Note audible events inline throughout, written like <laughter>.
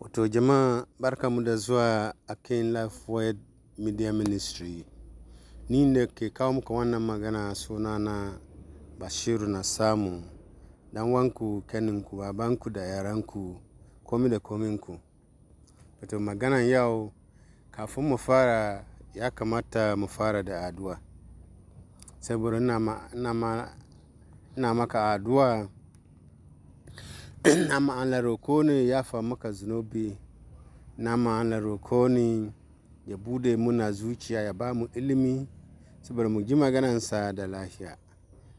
Wato jama'a mu da zuwa a kan Life Media Ministry. Ni ne ke kawo muku wannan magana sunana Bashiru na samu dan wanku kaninku babanku da yaranku komi da kominku. Wato magana yau kafin mu fara ya kamata mu fara da addu'a. Saboda ina maka addu'a Na <clears throat> Nami anarokoni yafa maka zunubi, nami rokoni ya bude muna zuciya ya ba mu ilimi saboda mu ji maganansa da lafiya.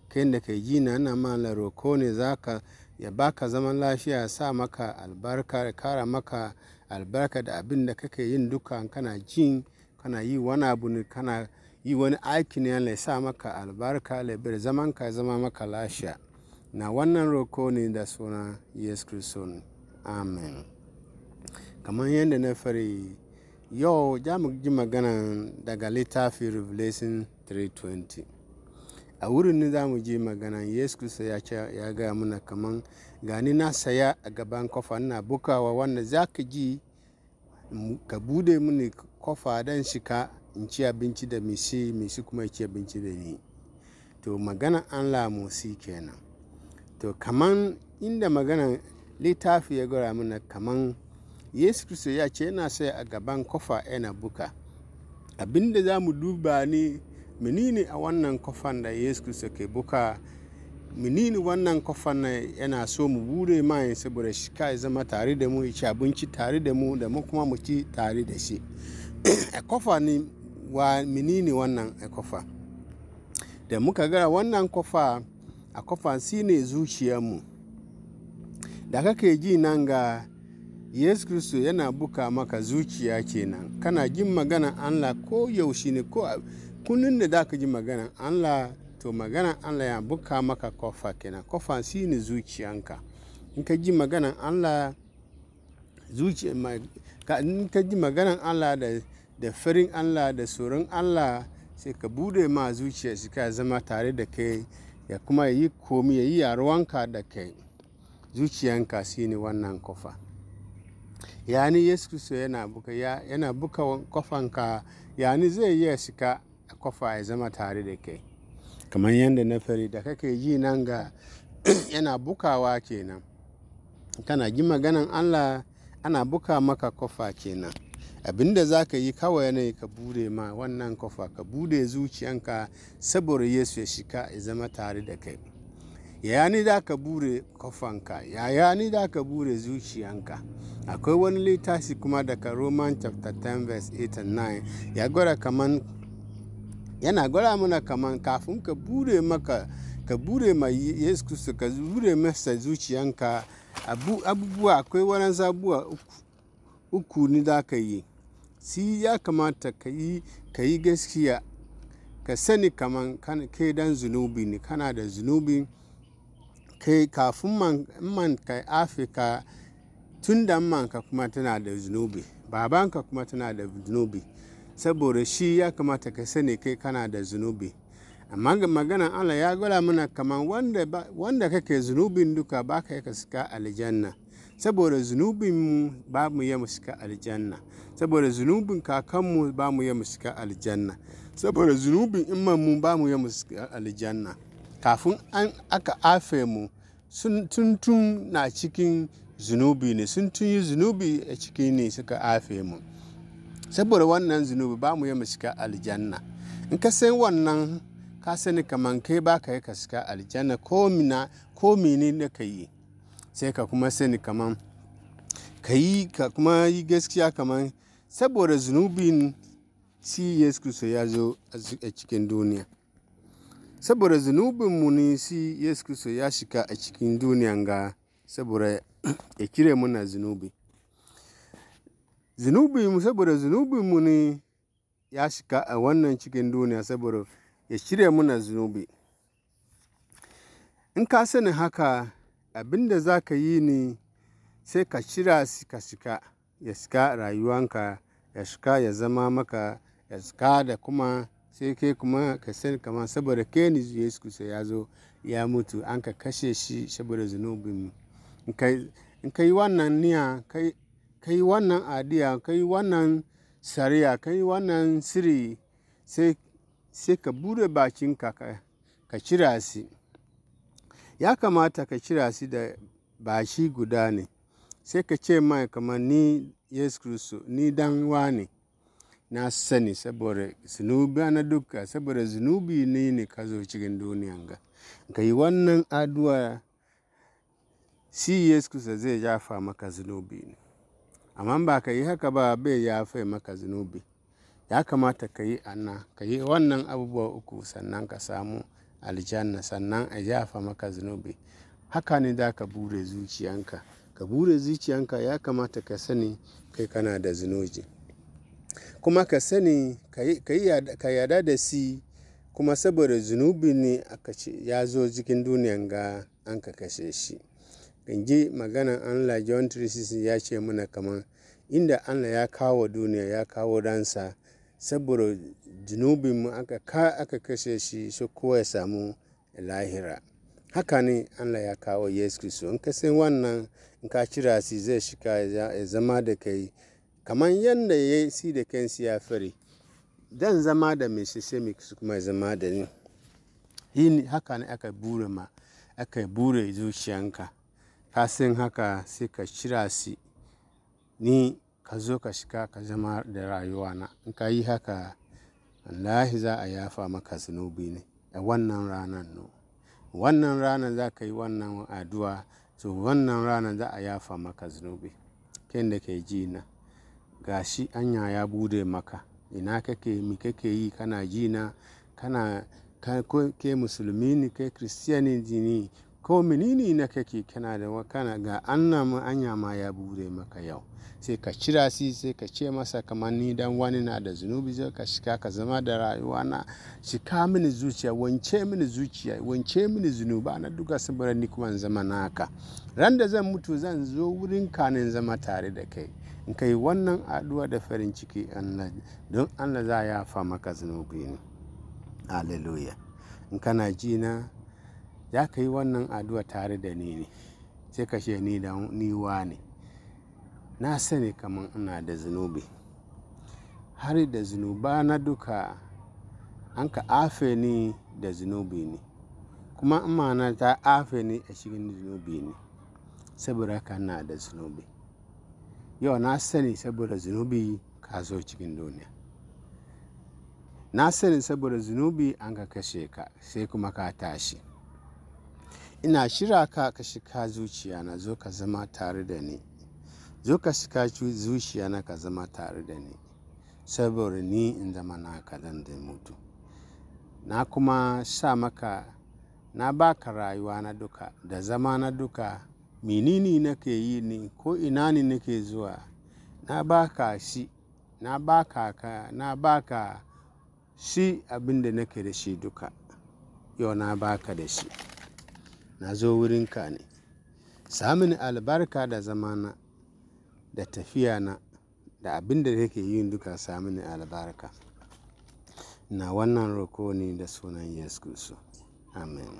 Kai da kai ji na nami rokoni za ka ya baka zaman lafiya sa maka albarka ya kara maka albarka da abin da kake yin duka kana jin kana yi wani abu ne kana yi wani aiki ne ya sa maka albarka ya zaman ka zama maka lafiya. na wannan roko ne da suna yesu kristo amen kamar yadda na fari yau za mu ji magana daga littafin revelation 320 a wurin ne za mu ji magana yesu kristo ya gaya muna kaman gani na saya a gaban kofa na bukawa wanda za ka ji ka bude mini kofa don shika in ci abinci da misi misi kuma ci abinci da ni to magana an si kenan to kaman inda magana littafi ya gara mana kaman yesu kristo ya ce yana sai a gaban kofa yana buka abinda za mu duba ne menene a wannan kofan da yesu kristo ke buka menene wannan kofan na yana so mu bude mai saboda shi ka zama tare da mu ci abinci tare da mu da mu kuma mu ci tare da shi a kofa ne wa menene wannan a kofa da muka gara wannan kofa a kwafa shi ne mu da kake ji nan ga yesu kristo yana buka maka zuciya kenan kana jin an allah ko yaushe ne ko kullum da zaka ji magana allah to maganan allah ya buka maka kofa kenan kofa shi ne zuciyanka in ka ji maganan allah in ka ji maganan allah da da farin allah da tsoron allah sai ka bude ma zuciya ka zama tare da kai ya kuma yi komi ya yi yaruwanka da kai zuciyanka shi ne wannan kofa ni yesu kristo yana buka ya, yana buka kofanka yani zai iya shika a kofa ya zama tare da kai kamar yadda na fari da kake yi nan ga <clears throat> yana bukawa kenan kana ji maganan allah ana buka maka kofa kenan abinda za ka yi kawai ne ka bude ma wannan kofa ka bude zuciyanka saboda yesu ya shika ya zama tare da kai yaya ni da ka bure kofanka yaya ni da ka bure zuciyanka akwai wani littafi kuma daga roman chapter 10 verse 8 and 9 ya gwada kaman yana gwada mana kaman kafin ka bure maka ka bure ma yesu kristo ka bure masa zuciyanka abubuwa akwai wani abubuwa uku, uku ni da ka yi si ya kamata ka yi ka yi gaskiya ka sani kaman kai dan zunubi ne kana da zunubi kai kafin man man ka afirka tun da man ka kuma tana da zunubi babanka kuma tana da zunubi saboda shi ya kamata ka sani kai kana da zunubi amma maganan allah ya gwada mana kaman wanda, kake zunubin duka baka ka yi shiga aljanna saboda zunubinmu ba mu ya mu aljanna saboda zunubin kakanmu ba mu ya mu aljanna saboda zunubin imanmu ba mu ya mu aljanna kafin an aka afe mu sun tun na cikin zunubi ne sun tun yi zunubi a cikin ne suka afe mu saboda wannan zunubi ba mu ya mu aljanna in ka san wannan ka sani kaman kai ba ka yi ka suka aljanna ko mina ko mini na ka yi sai ka kuma sani kaman ka yi ka kuma yi gaskiya kaman saboda zunubin si yesu kristo ya zo a cikin duniya saboda zunubin mu ne si yesu kristo ya shiga a cikin duniya ga saboda <clears throat> ya kire muna zunubi mu saboda mu ne ya shiga a wannan cikin duniya saboda ya shirya muna zunubi in ka sani haka abin da za ka yi ne sai ka shira ka shika ya shika rayuwanka ya shika ya zama maka ya shika da kuma sai kai kuma ka sani kama saboda ke ni yesu kusa ya zo ya mutu an ka kashe shi saboda zunubin in ka yi wannan niya ka yi wannan adiya ka yi wannan sariya ka yi wannan siri sai ka bude bakinka ka cira shi ya kamata ka kira shi da bashi guda ne sai ka ce mai kamar ni yesu kristo ni dan ne na sani saboda zunubi na duka saboda zunubi ne ne ka zo cikin duniyan ga ka yi wannan aduwa si yesu kristo zai yafa maka zunubi ne amma ba ka yi haka ba bai yafa maka zunubi ya kamata ka yi ana ka yi wannan abubuwa uku sannan ka samu aljanna sannan a yafa maka zunubi haka ne za ka bure zuciyanka ka bure zuciyanka ya kamata ka sani kai kana da zunubi kuma ka sani ka yada da si kuma saboda zunubi ne ya zo cikin duniyan ga an ka kashe shi inji maganan allah john 3 ya ce mana kamar inda allah ya kawo duniya ya kawo ransa saboda zunubinmu aka ka aka kashe shi shi kowa ya samu lahira haka ne allah ya kawo yesu kristo in ka san wannan in ka cira shi zai shiga ya zama da kai kamar yadda ya si da kansu ya fari dan zama da mai shishe mai kuma zama da ni yi haka ne aka bure ma aka bure zuciyanka ka san haka sai ka cira shi ni ka zo ka shiga ka zama da rayuwa na in ka yi haka wallahi za a yafa maka zunubi ne a wannan ranar no wannan ranar za ka yi wannan addu'a to wannan ranar za a yafa maka zunubi ken da ke ji na gashi anya ya bude maka ina kake mi kake yi kana ji na kana ke musulmi ne kai kristiyani ne ko menene na kake kana da kana ga an anya ma ya bure maka yau sai ka cira shi sai ka ce masa kamar ni dan wani na da zunubi zai ka shika ka zama da rayuwa na shika mini zuciya wance mini zuciya wance mini zunuba na duka saboda ni kuma zama naka ran da zan mutu zan zo wurin kanin zama tare da kai in kai wannan addu'a da farin ciki Allah don Allah za ya fa maka zunubi ne hallelujah in kana ji na za ka yi wannan addu'a tare da ni ne sai ka ni da niwa ne na sani kamar ina da zunubi har da zunuba na duka an ka afe ni da zunubi ne kuma na ta afe ni a cikin zunubi ne saboda ka na da zunubi yau na sani saboda zunubi ka zo cikin duniya na sani saboda zunubi an ka kashe ka sai kuma ka tashi ina shira ka ka shika zuciya na zo ka zama tare da ni zo ka shika zuciya na ka zama tare da ni saboda ni in zama naka dan da mutu na kuma sa maka na baka rayuwa na duka da zama na duka menene nake yi ne ko ina ne nake zuwa na baka shi na baka ka na baka shi abin da nake da shi duka yau na baka da shi na zo wurinka ne, samun albarka da zamana, da na da abin da kake yin duka samun albarka. Na wannan roko ne da sunan Yesu Kiristi. Amen.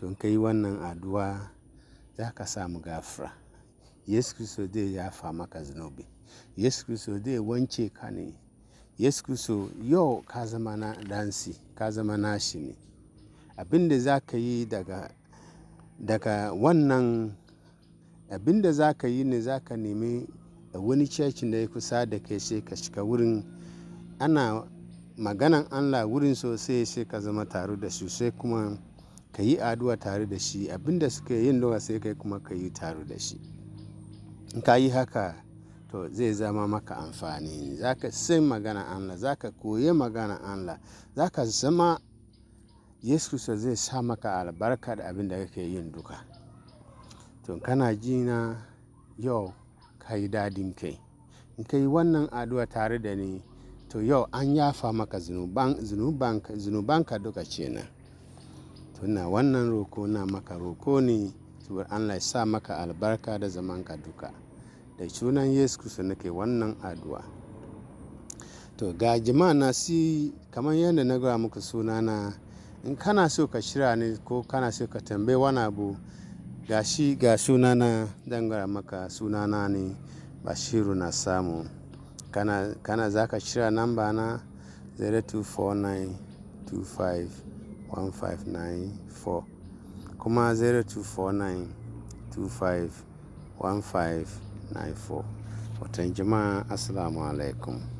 Don ka yi wannan addu'a za ka samu gafra Yesu Kiristi zai yafa maka zunubi. Yesu Kiristi zai wanke ka ne. Yesu Kiristi yau ka zama na shi ka zama shi ne. Abin da za ka yi daga daga wannan abinda za ka yi ne za ka nemi wani cecin da ya kusa da kai sai ka shiga wurin ana maganan allah wurin sosai sai ka zama tare da su sai kuma ka yi addu'a tare da shi abinda suka yin dawa sai kai kuma ka yi tare da shi in ka yi haka to zai zama maka amfani za ka sai magana allah za ka koye magana allah za ka zama yesu kristo zai sa maka albarka da abin da kake yin duka to kana ji na yau ka yi dadin kai in ka yi wannan addu'a tare da ni to yau an yafa maka zunubanka duka na. to na wannan roko na maka roko ne tuwar allah ya sa maka albarka da zamanka duka da sunan yesu kristo nake wannan addu'a to ga jima na si kamar yadda na gwa muku sunana in kana so ka shirya ne ko kana so ka tambayi wani abu ga shi ga sunana zan maka sunana ne bashiru na samu kana, kana za ka shirya namba na 0249251594 kuma 0249251594 watan jama'a assalamu alaikum